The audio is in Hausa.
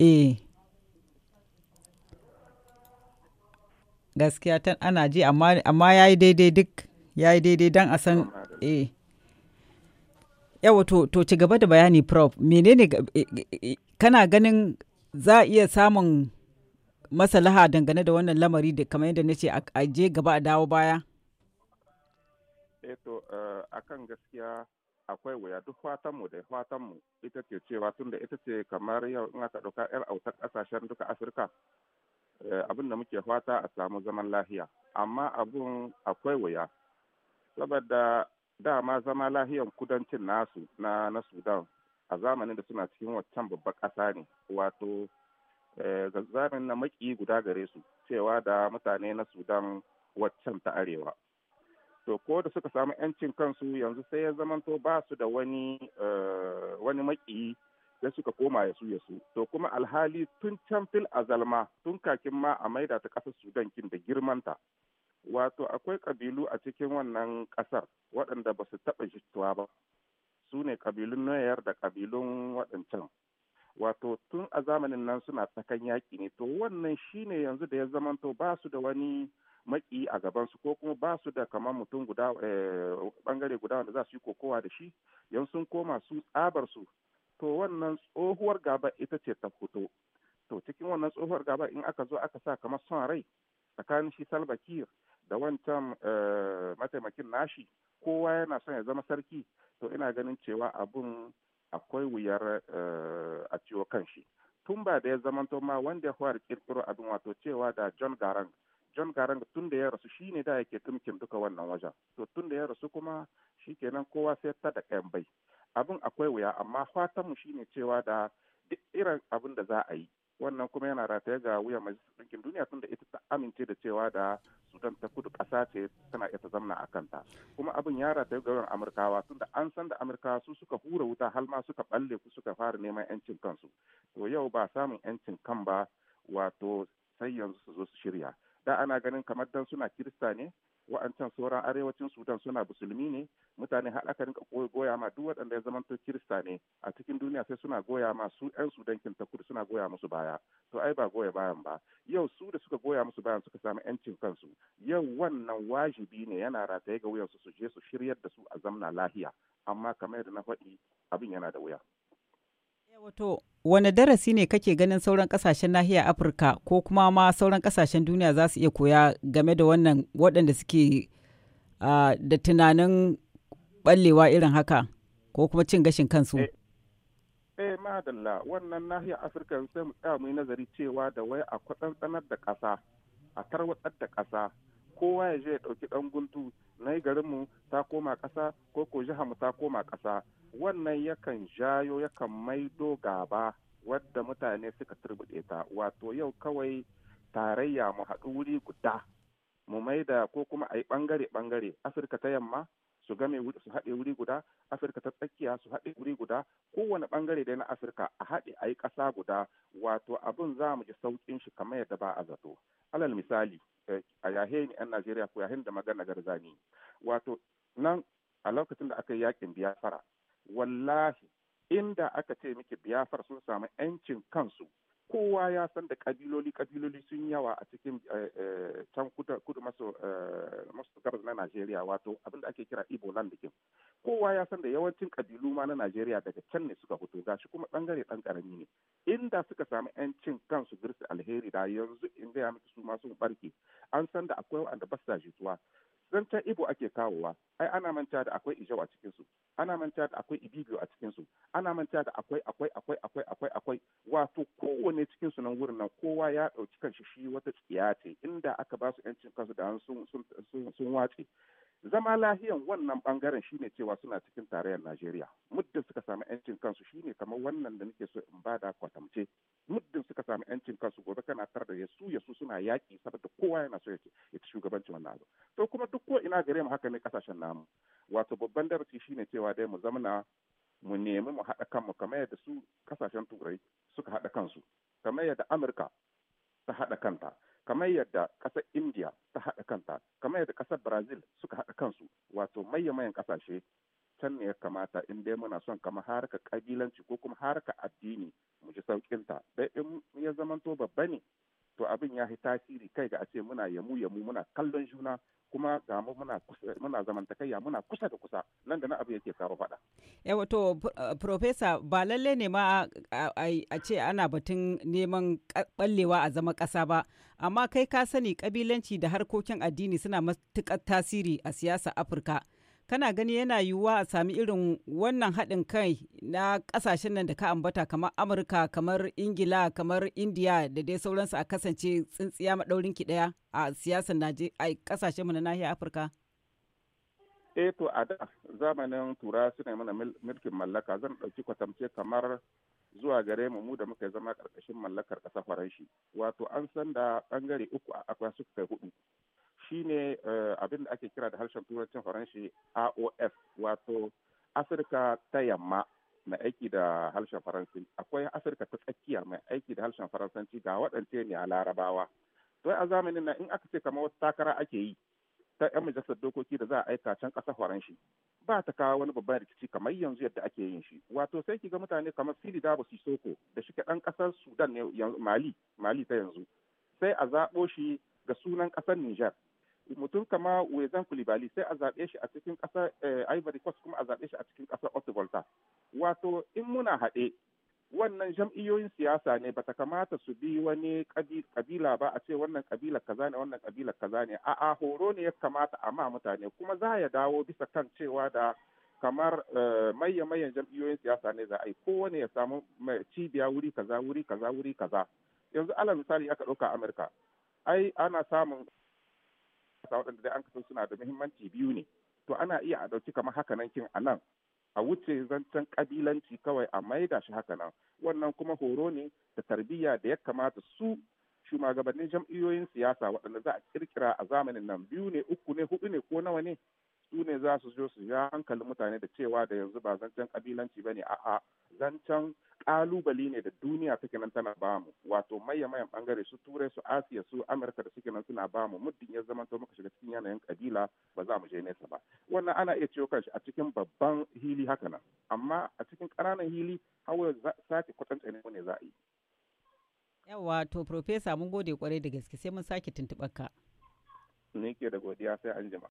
Eh. Gaskiya tan ana ji amma ya yi daidai duk ya yi daidai don a san eh. Yawa to, ci gaba da bayani prof menene eh, eh, kana ganin za a iya samun masalaha dangane da wannan lamari da kamar yadda na ce a je gaba a dawo baya? Eto, eh akan gaskiya akwai wuya duk fatan mu da fatan mu ita ce cewa tunda ita ce kamar yau in aka dauka yar autar ƙasashen duka afirka eh, abin da muke fata a samu zaman lahiya amma abun akwai wuya saboda dama zama lahiyan kudancin nasu na na sudan a zamanin da suna cikin waccan babban kasa ne wato zazamin eh, na maki guda gare su cewa da mutane na sudan waccan ta arewa to ko da suka samu yancin kansu yanzu sai ya zamanto ba su da wani eh, wani maki da suka koma ya su su to kuma alhali tun can fil azalma tun kakin ma a maida ta kasar sudan kin da girmanta wato akwai kabilu a cikin wannan kasar waɗanda ba su taɓa jituwa ba su ne ƙabilun noyar da kabilun waɗancan wato tun a zamanin nan suna tsakan yaƙi ne to wannan shine yanzu da ya zamanto ba su da wani maki a gabansu ko kuma ba su da kamar mutum guda bangare eh, guda wanda za su yi kokowa da shi yan sun koma su tsabar su to wannan tsohuwar gaba ita ce ta fito to cikin wannan tsohuwar gaba in aka zo aka sa kamar son rai tsakanin shi salbakir da wancan eh, mataimakin nashi kowa yana son ya zama sarki to ina ganin cewa abun akwai wuyar eh, a ciwo kan shi tun ba da ya zamanto ma wanda ya fara kirkiro abin wato cewa da john garang John Garang tun da ya rasu shi ne da yake tumkin duka wannan wajen. To tun da ya rasu kuma shi kenan kowa sai ta da kayan bai. Abin akwai wuya amma fatanmu shi ne cewa da duk irin abin da za a yi. Wannan kuma yana rataye ga wuyan majalisar ɗinkin duniya tun da ita ta amince da cewa da Sudan ta kudu ƙasa ce tana iya ta zamna a kanta. Kuma abin ya rataye ga wuyan Amurkawa tun da an san da Amurkawa su suka hura wuta har ma suka balle ku suka fara neman 'yancin kansu. To yau ba samun 'yancin kan ba wato sai yanzu su zo su shirya. da ana ganin kamar dan suna kirista ne wa'ancan sauran arewacin sudan suna musulmi ne mutane har aka rinka goya ma duk waɗanda ya zamanta kirista ne a cikin duniya sai suna goya ma su yan sudan kinta kudu suna goya musu baya to ai ba goya bayan ba yau su da suka goya musu bayan suka samu yancin kansu yau wannan wajibi ne yana rataye ga wuyansu su je su shiryar da su a zamna lahiya amma kamar yadda na faɗi abin yana da wuya Wato, wane darasi ne kake ganin sauran kasashen nahiyar Afirka ko kuma ma sauran kasashen duniya za su iya koya game da wannan waɗanda suke da tunanin ɓallewa irin haka ko kuma cin gashin kansu? Eh, eh madalla wannan nahiyar Afirka sai mu tsaya mu yi nazari cewa da wai a tsantsanar da ƙasa, a tarwatsar da ƙasa, kowa ya je ya ɗauki ɗan guntu na yi garinmu ta koma ƙasa ko ko mu ta koma ƙasa wannan yakan jayo yakan maido gaba wadda mutane suka turbuɗe ta wato yau kawai tarayya mu haɗu wuri guda mu maida ko kuma a yi ɓangare-ɓangare afirka ta yamma su game su haɗe wuri guda afirka ta tsakiya su haɗe wuri guda kowane ɓangare dai na afirka a haɗe a yi ƙasa guda wato abin za mu ji sauƙin shi kamar yadda ba a zato alal misali Eh, a yahe yan Najeriya ko yahin da magana garzani wato nan a lokacin da aka yi yakin biyafara wallahi inda aka ce miki biyafar sun samu yancin kansu kowa ya san da kabiloli kabiloli sun yawa a cikin eh, eh, can kudu maso maso gabas na Najeriya wato abin da ake kira ibo land kin kowa ya san da yawancin kabilu ma na Najeriya daga can ne suka fito gashi kuma bangare dan karami ne inda suka samu yancin kansu birsu alheri da yanzu in gaya miki su masu barke an san da akwai wanda ba sa jituwa zancen ibo ake kawowa ai ana manta da akwai ijau a cikin su ana manta da akwai ibibio a cikin su ana manta da akwai akwai akwai akwai akwai akwai wato kowane cikin su nan wurin nan kowa ya dauki kanshi shi wata tsiya ce inda aka ba su yancin kansu da sun sun sun wace zama lahiyan wannan bangaren shine cewa suna cikin tarayyar Najeriya muddin suka samu yancin kansu shine kamar wannan da nake so in bada kwatamce muddin suka samu yancin kansu gobe kana tar da yasu yasu suna yaki saboda kowa yana so ya ci shugabancin wannan abu to kuma duk ko ina gare mu haka ne kasashen namu wato babban darasi shine cewa dai mu zamana mu nemi mu haɗa kanmu kamar yadda su kasashen turai suka haɗa kansu kamar yadda Amurka ta haɗa kanta kamar yadda ƙasar indiya ta haɗa kanta kamar yadda ƙasar brazil suka haɗa kansu wato maye mayan ƙasashe can ne ya kamata in dai muna son kama harka kabilanci ko kuma harka addini mu ji ta dai in ya zamanto babba ne to abin ya yi tasiri kai ga a ce muna yamu yamu muna kallon juna kuma ga muna muna zamantakayya muna kusa da kusa nan da na abu yake kawo faɗa wato eh, profesa ba lalle ne ma a ce ana batun neman ballewa a zama ƙasa ba amma kai ka sani ƙabilanci da harkokin addini suna matuƙar tasiri a siyasa afirka kana gani yana yiwuwa a sami irin wannan haɗin kai na ƙasashen nan da ka ambata kamar amurka kamar ingila kamar indiya da dai sauransu a kasance tsintsiya maɗaurinki ɗaya a siyasar ƙasashenmu na nahiyar afirka eh to a da zamanin tura suna mana mulkin mallaka zan ɗauki kwatance kamar zuwa gare mu mu da muka zama ƙarƙashin mallakar ƙasa faranshi wato an san da ɓangare uku a akwai suka kai hudu shine eh, abin da ake kira da harshen turancin faranshi aof wato afirka ta yamma mai aiki da harshen faransanci akwai afirka ta tsakiya mai aiki da harshen faransanci ga waɗance ne a larabawa to a zamanin nan in aka ce kamar wata takara ake yi ta 'yan majalisar dokoki da za a aika can ƙasa horon shi ba ta kawo wani babban rikici kamar yanzu yadda ake yin shi wato sai ki ga mutane kamar siri dabo sisoko da shi ɗan ƙasar sudan ne mali mali ta yanzu sai a zaɓo shi ga sunan ƙasar niger mutum kama wezan kulibali sai a zaɓe shi a cikin ƙasar eh, ivory coast kuma a zaɓe shi a cikin ƙasar otivolta wato in muna haɗe wannan jam'iyyoyin siyasa ne bata kamata su bi wani kabila ba a ce wannan kabila kaza ne wannan kabila kaza ne a horo ne ya kamata a ma mutane kuma za ya dawo bisa kan cewa da kamar maye eh, mayan jam'iyyoyin siyasa ne za a yi kowane ya samu cibiya wuri kaza wuri kaza wuri kaza yanzu alal misali aka ɗauka amurka ai ana samun waɗanda dai an kasance suna da muhimmanci biyu ne to ana iya a ɗauki kamar haka nan kin a nan a wuce zancen kabilanci kawai a maida shi haka nan wannan kuma horo ne da tarbiyya da ya kamata su shugabannin jam'iyyoyin siyasa waɗanda za a kirkira a zamanin nan biyu ne uku ne hudu ne ko nawa ne su ne za su zo su ja hankalin mutane da cewa da yanzu ba zancen kabilanci ba ne a'a zancen kalubale ne da duniya take nan tana ba mu wato maye mayan bangare su turai su asiya su amurka da suke nan suna ba mu muddin ya zama to muka shiga cikin yanayin kabila ba za mu je nesa ba wannan ana iya ciwo kanshi a cikin babban hili haka nan amma a cikin ƙananan hili hawa sake kwatanta ne ne za a yi yawa to profesa mun gode kwarai da gaske sai mun sake tuntuɓar ka ni ke da godiya sai an jima